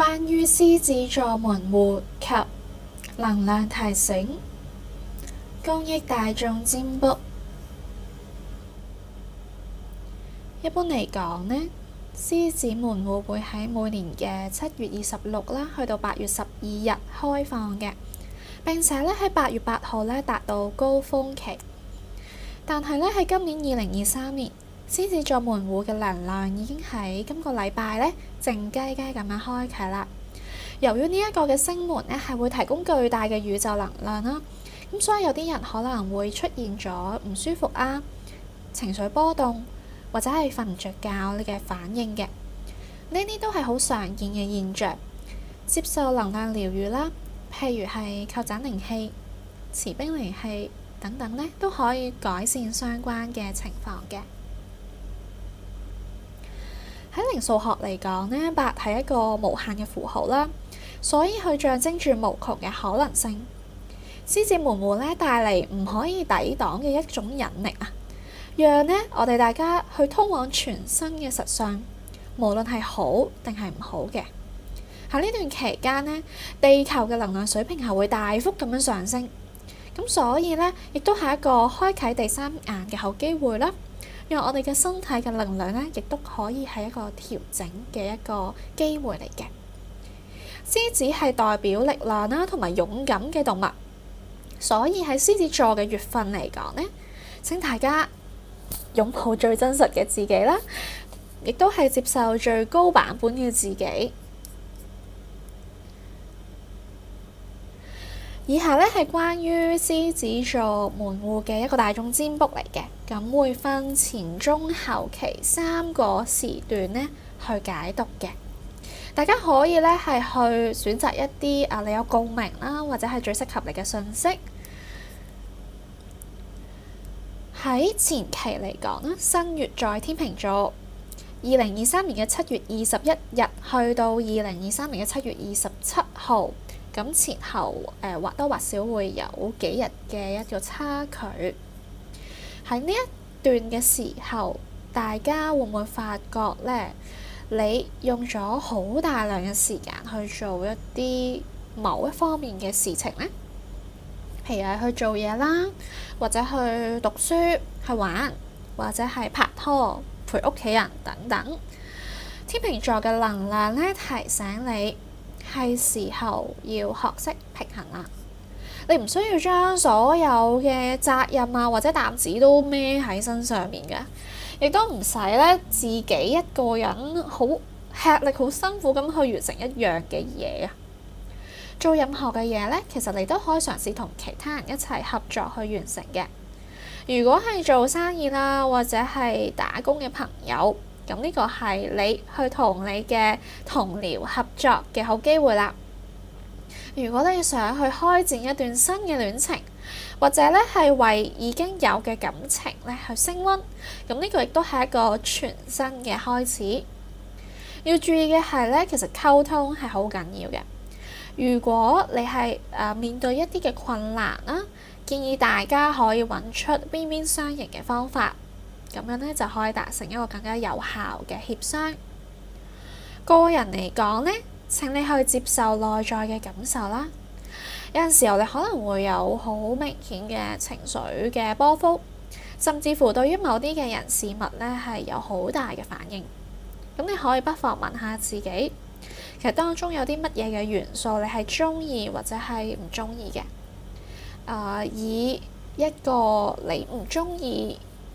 關於獅子座門戶及能量提醒，公益大眾占卜。一般嚟講呢獅子門戶會喺每年嘅七月二十六啦，去到八月十二日開放嘅。並且呢喺八月八號呢達到高峰期。但係呢，喺今年二零二三年。先至獅子座門戶嘅能量已經喺今個禮拜呢靜雞雞咁樣開啟啦。由於呢一個嘅星門呢係會提供巨大嘅宇宙能量啦，咁所以有啲人可能會出現咗唔舒服啊、情緒波動或者係瞓唔着覺你嘅反應嘅。呢啲都係好常見嘅現象。接受能量療愈啦，譬如係靠枕靈氣、持冰靈氣等等呢，都可以改善相關嘅情況嘅。喺靈數學嚟講呢，八係一個無限嘅符號啦，所以佢象徵住無窮嘅可能性。獅子門戶呢帶嚟唔可以抵擋嘅一種引力啊，讓呢我哋大家去通往全新嘅實相，無論係好定係唔好嘅。喺呢段期間呢，地球嘅能量水平係會大幅咁樣上升，咁所以呢亦都係一個開啟第三眼嘅好機會啦。因為我哋嘅身體嘅能量呢，亦都可以係一個調整嘅一個機會嚟嘅。獅子係代表力量啦，同埋勇敢嘅動物，所以喺獅子座嘅月份嚟講呢，請大家擁抱最真實嘅自己啦，亦都係接受最高版本嘅自己。以下咧係關於獅子座門戶嘅一個大眾占卜嚟嘅，咁會分前、中、後期三個時段呢去解讀嘅。大家可以呢係去選擇一啲啊，你有共鳴啦，或者係最適合你嘅信息。喺前期嚟講啦，新月在天秤座，二零二三年嘅七月二十一日去到二零二三年嘅七月二十七號。咁前後誒、呃、或多或少會有幾日嘅一個差距。喺呢一段嘅時候，大家會唔會發覺咧？你用咗好大量嘅時間去做一啲某一方面嘅事情咧？譬如係去做嘢啦，或者去讀書、去玩，或者係拍拖、陪屋企人等等。天秤座嘅能量咧，提醒你。係時候要學識平衡啦！你唔需要將所有嘅責任啊或者擔子都孭喺身上面嘅，亦都唔使咧自己一個人好吃力、好辛苦咁去完成一樣嘅嘢啊！做任何嘅嘢呢，其實你都可以嘗試同其他人一齊合作去完成嘅。如果係做生意啦，或者係打工嘅朋友。咁呢個係你去同你嘅同僚合作嘅好機會啦。如果你想去開展一段新嘅戀情，或者咧係為已經有嘅感情咧去升溫，咁呢個亦都係一個全新嘅開始。要注意嘅係咧，其實溝通係好緊要嘅。如果你係誒面對一啲嘅困難啦，建議大家可以揾出邊邊雙贏嘅方法。咁樣呢就可以達成一個更加有效嘅協商。個人嚟講呢，請你去接受內在嘅感受啦。有陣時候你可能會有好明顯嘅情緒嘅波幅，甚至乎對於某啲嘅人事物呢係有好大嘅反應。咁你可以不妨問下自己，其實當中有啲乜嘢嘅元素你係中意或者係唔中意嘅？啊，以一個你唔中意，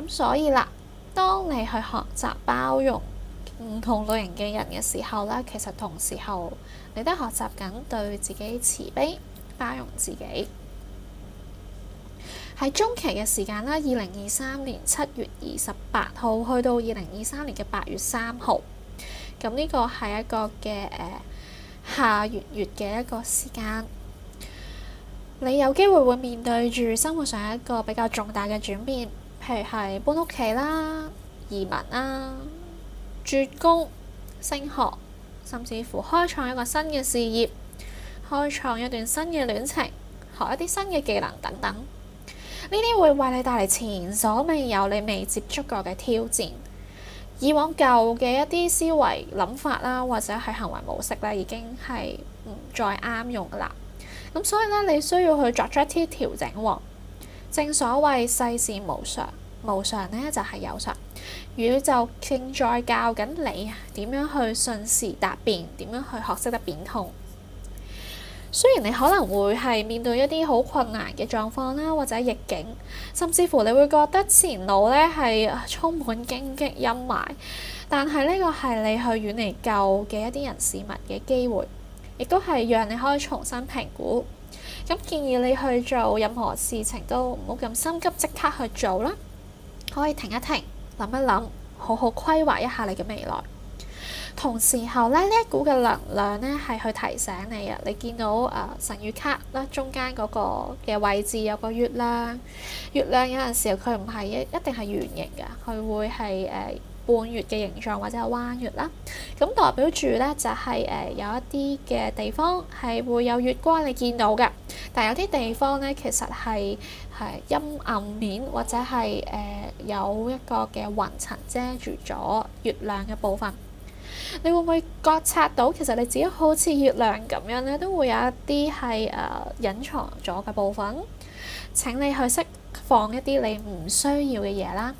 咁所以啦，當你去學習包容唔同類型嘅人嘅時候咧，其實同時候你都學習緊對自己慈悲，包容自己。喺中期嘅時間啦，二零二三年七月二十八號去到二零二三年嘅八月三號，咁、這、呢個係一個嘅下月月嘅一個時間，你有機會會面對住生活上一個比較重大嘅轉變。譬如係搬屋企啦、移民啦、絕工、升學，甚至乎開創一個新嘅事業，開創一段新嘅戀情，學一啲新嘅技能等等。呢啲會為你帶嚟前所未有、你未接觸過嘅挑戰。以往舊嘅一啲思維、諗法啦，或者係行為模式咧，已經係唔再啱用啦。咁所以咧，你需要去作一啲調整喎。正所謂世事無常。無常呢，就係有常，宇宙正在教緊你點樣去順時達變，點樣去學識得變通。雖然你可能會係面對一啲好困難嘅狀況啦，或者逆境，甚至乎你會覺得前路呢係充滿荊棘陰霾，但係呢個係你去遠離舊嘅一啲人事物嘅機會，亦都係讓你可以重新評估。咁建議你去做任何事情都唔好咁心急，即刻去做啦。可以停一停，諗一諗，好好規劃一下你嘅未來。同時候咧，呢一股嘅能量咧係去提醒你嘅。你見到誒、呃、神諭卡啦，中間嗰個嘅位置有個月亮。月亮有陣時佢唔係一一定係圓形嘅，佢會係誒，呃半月嘅形狀或者係彎月啦，咁代表住咧就係誒有一啲嘅地方係會有月光你見到嘅，但有啲地方咧其實係係陰暗面或者係誒有一個嘅雲層遮住咗月亮嘅部分。你會唔會覺察到其實你自己好似月亮咁樣咧，都會有一啲係誒隱藏咗嘅部分？請你去釋放一啲你唔需要嘅嘢啦。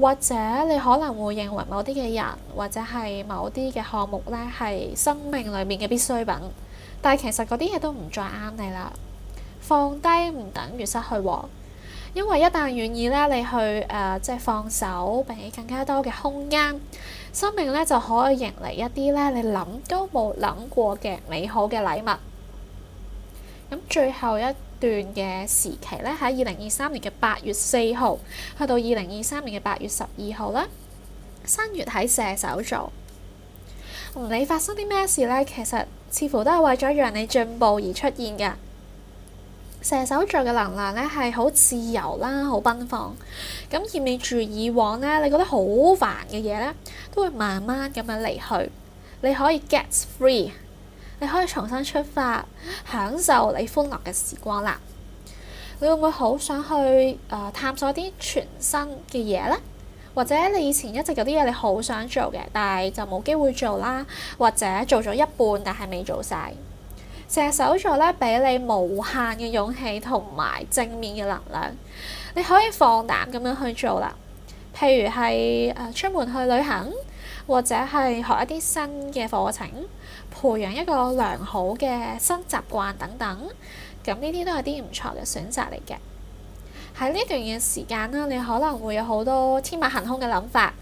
或者你可能會認為某啲嘅人或者係某啲嘅項目呢係生命裏面嘅必需品，但係其實嗰啲嘢都唔再啱你啦。放低唔等於失去喎，因為一旦願意呢，你去誒即係放手，俾更加多嘅空間，生命呢就可以迎嚟一啲呢你諗都冇諗過嘅美好嘅禮物。咁最後一段嘅時期咧，喺二零二三年嘅八月四號，去到二零二三年嘅八月十二號咧，新月喺射手座。唔理發生啲咩事呢，其實似乎都係為咗讓你進步而出現嘅。射手座嘅能量呢，係好自由啦，好奔放。咁意味住以往呢，你覺得好煩嘅嘢呢，都會慢慢咁樣離去。你可以 get free。你可以重新出發，享受你歡樂嘅時光啦。你會唔會好想去誒、呃、探索啲全新嘅嘢呢？或者你以前一直有啲嘢你好想做嘅，但係就冇機會做啦，或者做咗一半但係未做晒？射手座咧，俾你無限嘅勇氣同埋正面嘅能量，你可以放膽咁樣去做啦。譬如係誒、呃、出門去旅行。或者係學一啲新嘅課程，培養一個良好嘅新習慣等等，咁呢啲都係啲唔錯嘅選擇嚟嘅。喺呢段嘅時間啦，你可能會有好多天馬行空嘅諗法，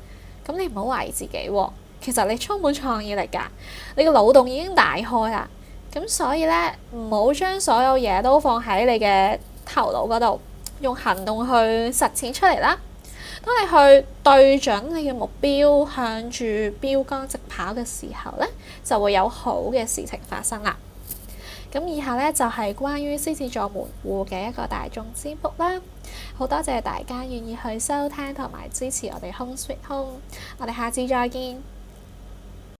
咁你唔好懷疑自己喎，哦，其實你充滿創意力噶，你嘅腦洞已經大開啦，咁所以呢，唔好將所有嘢都放喺你嘅頭腦嗰度，用行動去實踐出嚟啦。當你去對準你嘅目標，向住標杆直跑嘅時候呢，就會有好嘅事情發生啦。咁以下呢，就係關於獅子座門戶嘅一個大眾占卜啦。好多謝大家願意去收聽同埋支持我哋 Home Sweet Home，我哋下次再見。